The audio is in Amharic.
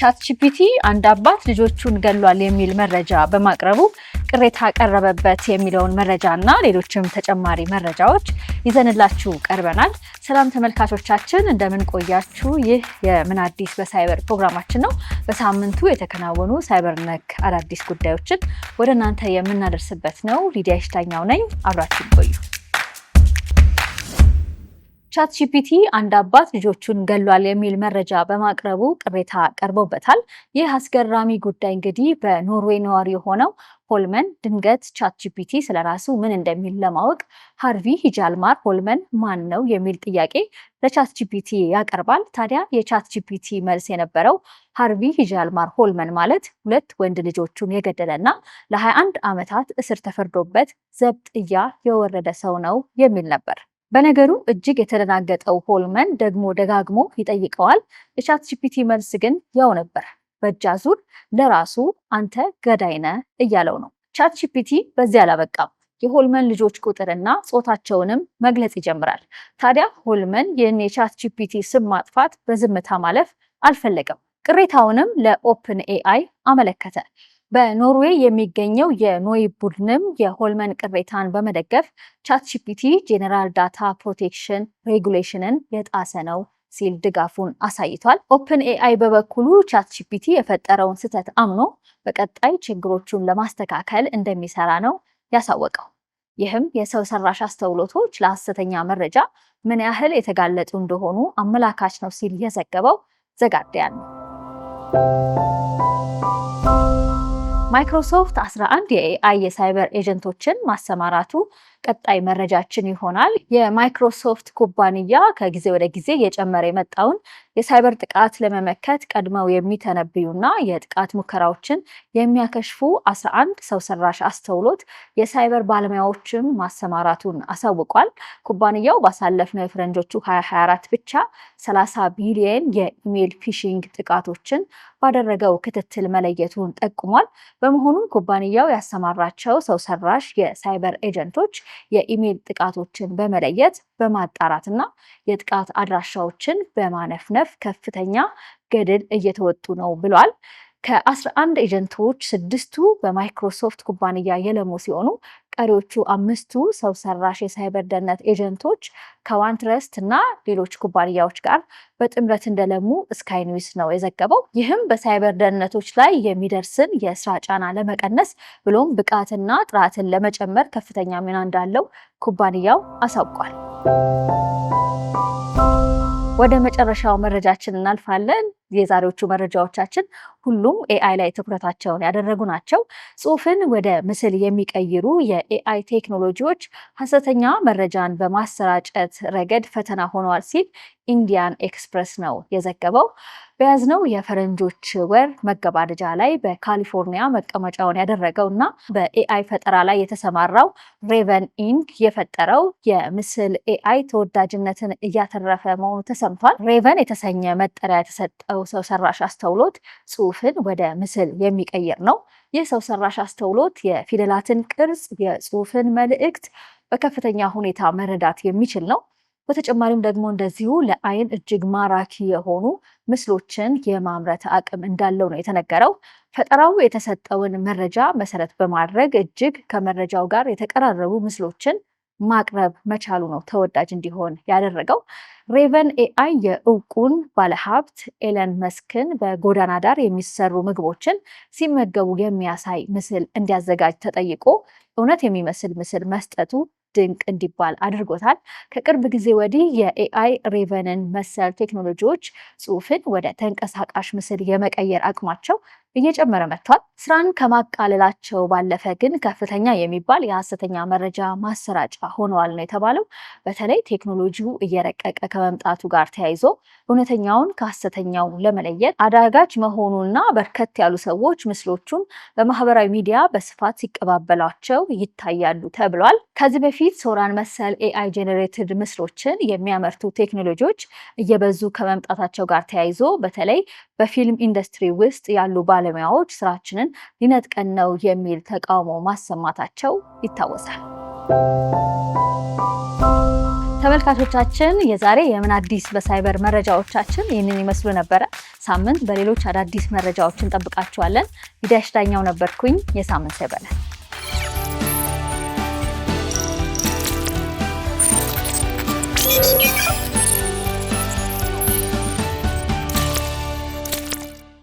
ቻትጂፒቲ አንድ አባት ልጆቹን ገሏል የሚል መረጃ በማቅረቡ ቅሬታ ቀረበበት የሚለውን መረጃ እና ሌሎችም ተጨማሪ መረጃዎች ይዘንላችሁ ቀርበናል። ሰላም ተመልካቾቻችን እንደምን ቆያችሁ? ይህ የምን አዲስ በሳይበር ፕሮግራማችን ነው። በሳምንቱ የተከናወኑ ሳይበር ነክ አዳዲስ ጉዳዮችን ወደ እናንተ የምናደርስበት ነው። ሊዲያ ይሽታኛው ነኝ። አብራችሁ ቆዩ። ቻት ጂፒቲ አንድ አባት ልጆቹን ገሏል የሚል መረጃ በማቅረቡ ቅሬታ ቀርቦበታል። ይህ አስገራሚ ጉዳይ እንግዲህ በኖርዌይ ነዋሪ የሆነው ሆልመን ድንገት ቻት ጂፒቲ ስለ ራሱ ምን እንደሚል ለማወቅ ሃርቪ ሂጃልማር ሆልመን ማን ነው የሚል ጥያቄ ለቻት ጂፒቲ ያቀርባል። ታዲያ የቻት ጂፒቲ መልስ የነበረው ሃርቪ ሂጃልማር ሆልመን ማለት ሁለት ወንድ ልጆቹን የገደለና ለ21 ዓመታት እስር ተፈርዶበት ዘብጥያ የወረደ ሰው ነው የሚል ነበር። በነገሩ እጅግ የተደናገጠው ሆልመን ደግሞ ደጋግሞ ይጠይቀዋል። የቻት ጂፒቲ መልስ ግን ያው ነበር። በእጅ አዙር ለራሱ አንተ ገዳይነ እያለው ነው። ቻት ጂፒቲ በዚህ አላበቃም። የሆልመን ልጆች ቁጥርና ጾታቸውንም መግለጽ ይጀምራል። ታዲያ ሆልመን ይህን የቻት ጂፒቲ ስም ማጥፋት በዝምታ ማለፍ አልፈለገም። ቅሬታውንም ለኦፕን ኤአይ አመለከተ። በኖርዌይ የሚገኘው የኖይ ቡድንም የሆልመን ቅሬታን በመደገፍ ቻትጂፒቲ ጄኔራል ዳታ ፕሮቴክሽን ሬጉሌሽንን የጣሰ ነው ሲል ድጋፉን አሳይቷል። ኦፕን ኤአይ በበኩሉ ቻትጂፒቲ የፈጠረውን ስህተት አምኖ በቀጣይ ችግሮቹን ለማስተካከል እንደሚሰራ ነው ያሳወቀው። ይህም የሰው ሰራሽ አስተውሎቶች ለሐሰተኛ መረጃ ምን ያህል የተጋለጡ እንደሆኑ አመላካች ነው ሲል የዘገበው ዘጋርዲያን ነው። ማይክሮሶፍት 11 የኤአይ የሳይበር ኤጀንቶችን ማሰማራቱ ቀጣይ መረጃችን ይሆናል። የማይክሮሶፍት ኩባንያ ከጊዜ ወደ ጊዜ እየጨመረ የመጣውን የሳይበር ጥቃት ለመመከት ቀድመው የሚተነብዩና የጥቃት ሙከራዎችን የሚያከሽፉ 11 ሰው ሰራሽ አስተውሎት የሳይበር ባለሙያዎችን ማሰማራቱን አሳውቋል። ኩባንያው ባሳለፍነው የፈረንጆቹ 2024 ብቻ 30 ቢሊየን የኢሜይል ፊሽንግ ጥቃቶችን ባደረገው ክትትል መለየቱን ጠቁሟል። በመሆኑም ኩባንያው ያሰማራቸው ሰው ሰራሽ የሳይበር ኤጀንቶች የኢሜይል ጥቃቶችን በመለየት በማጣራትና የጥቃት አድራሻዎችን በማነፍነፍ ከፍተኛ ገድል እየተወጡ ነው ብሏል። ከአስራ አንድ ኤጀንቶች ስድስቱ በማይክሮሶፍት ኩባንያ የለሙ ሲሆኑ ቀሪዎቹ አምስቱ ሰው ሰራሽ የሳይበር ደህንነት ኤጀንቶች ከዋንትረስት እና ሌሎች ኩባንያዎች ጋር በጥምረት እንደለሙ ስካይ ኒውስ ነው የዘገበው። ይህም በሳይበር ደህንነቶች ላይ የሚደርስን የስራ ጫና ለመቀነስ ብሎም ብቃትና ጥራትን ለመጨመር ከፍተኛ ሚና እንዳለው ኩባንያው አሳውቋል። ወደ መጨረሻው መረጃችን እናልፋለን። የዛሬዎቹ መረጃዎቻችን ሁሉም ኤአይ ላይ ትኩረታቸውን ያደረጉ ናቸው። ጽሁፍን ወደ ምስል የሚቀይሩ የኤአይ ቴክኖሎጂዎች ሀሰተኛ መረጃን በማሰራጨት ረገድ ፈተና ሆኗል ሲል ኢንዲያን ኤክስፕረስ ነው የዘገበው። በያዝነው የፈረንጆች ወር መገባደጃ ላይ በካሊፎርኒያ መቀመጫውን ያደረገው እና በኤአይ ፈጠራ ላይ የተሰማራው ሬቨን ኢንክ የፈጠረው የምስል ኤአይ ተወዳጅነትን እያተረፈ መሆኑ ተሰምቷል። ሬቨን የተሰኘ መጠሪያ የተሰጠው ያለው ሰው ሰራሽ አስተውሎት ጽሁፍን ወደ ምስል የሚቀይር ነው። ይህ ሰው ሰራሽ አስተውሎት የፊደላትን ቅርጽ፣ የጽሁፍን መልእክት በከፍተኛ ሁኔታ መረዳት የሚችል ነው። በተጨማሪም ደግሞ እንደዚሁ ለአይን እጅግ ማራኪ የሆኑ ምስሎችን የማምረት አቅም እንዳለው ነው የተነገረው። ፈጠራው የተሰጠውን መረጃ መሰረት በማድረግ እጅግ ከመረጃው ጋር የተቀራረቡ ምስሎችን ማቅረብ መቻሉ ነው ተወዳጅ እንዲሆን ያደረገው። ሬቨን ኤአይ የእውቁን ባለሀብት ኤለን መስክን በጎዳና ዳር የሚሰሩ ምግቦችን ሲመገቡ የሚያሳይ ምስል እንዲያዘጋጅ ተጠይቆ እውነት የሚመስል ምስል መስጠቱ ድንቅ እንዲባል አድርጎታል። ከቅርብ ጊዜ ወዲህ የኤአይ ሬቨንን መሰል ቴክኖሎጂዎች ጽሑፍን ወደ ተንቀሳቃሽ ምስል የመቀየር አቅማቸው እየጨመረ መጥቷል። ስራን ከማቃለላቸው ባለፈ ግን ከፍተኛ የሚባል የሀሰተኛ መረጃ ማሰራጫ ሆነዋል ነው የተባለው። በተለይ ቴክኖሎጂው እየረቀቀ ከመምጣቱ ጋር ተያይዞ እውነተኛውን ከሀሰተኛው ለመለየት አዳጋች መሆኑና በርከት ያሉ ሰዎች ምስሎቹን በማህበራዊ ሚዲያ በስፋት ሲቀባበሏቸው ይታያሉ ተብሏል። ከዚህ በፊት ሶራን መሰል ኤአይ ጄኔሬትድ ምስሎችን የሚያመርቱ ቴክኖሎጂዎች እየበዙ ከመምጣታቸው ጋር ተያይዞ በተለይ በፊልም ኢንዱስትሪ ውስጥ ያሉ ባለሙያዎች ስራችንን ሀገርን ሊነጥቀን ነው የሚል ተቃውሞ ማሰማታቸው ይታወሳል። ተመልካቾቻችን የዛሬ የምን አዲስ በሳይበር መረጃዎቻችን ይህንን ይመስሉ ነበረ። ሳምንት በሌሎች አዳዲስ መረጃዎች እንጠብቃችኋለን። ሂዳሽ ዳኛው ነበርኩኝ። የሳምንት ሳይበለን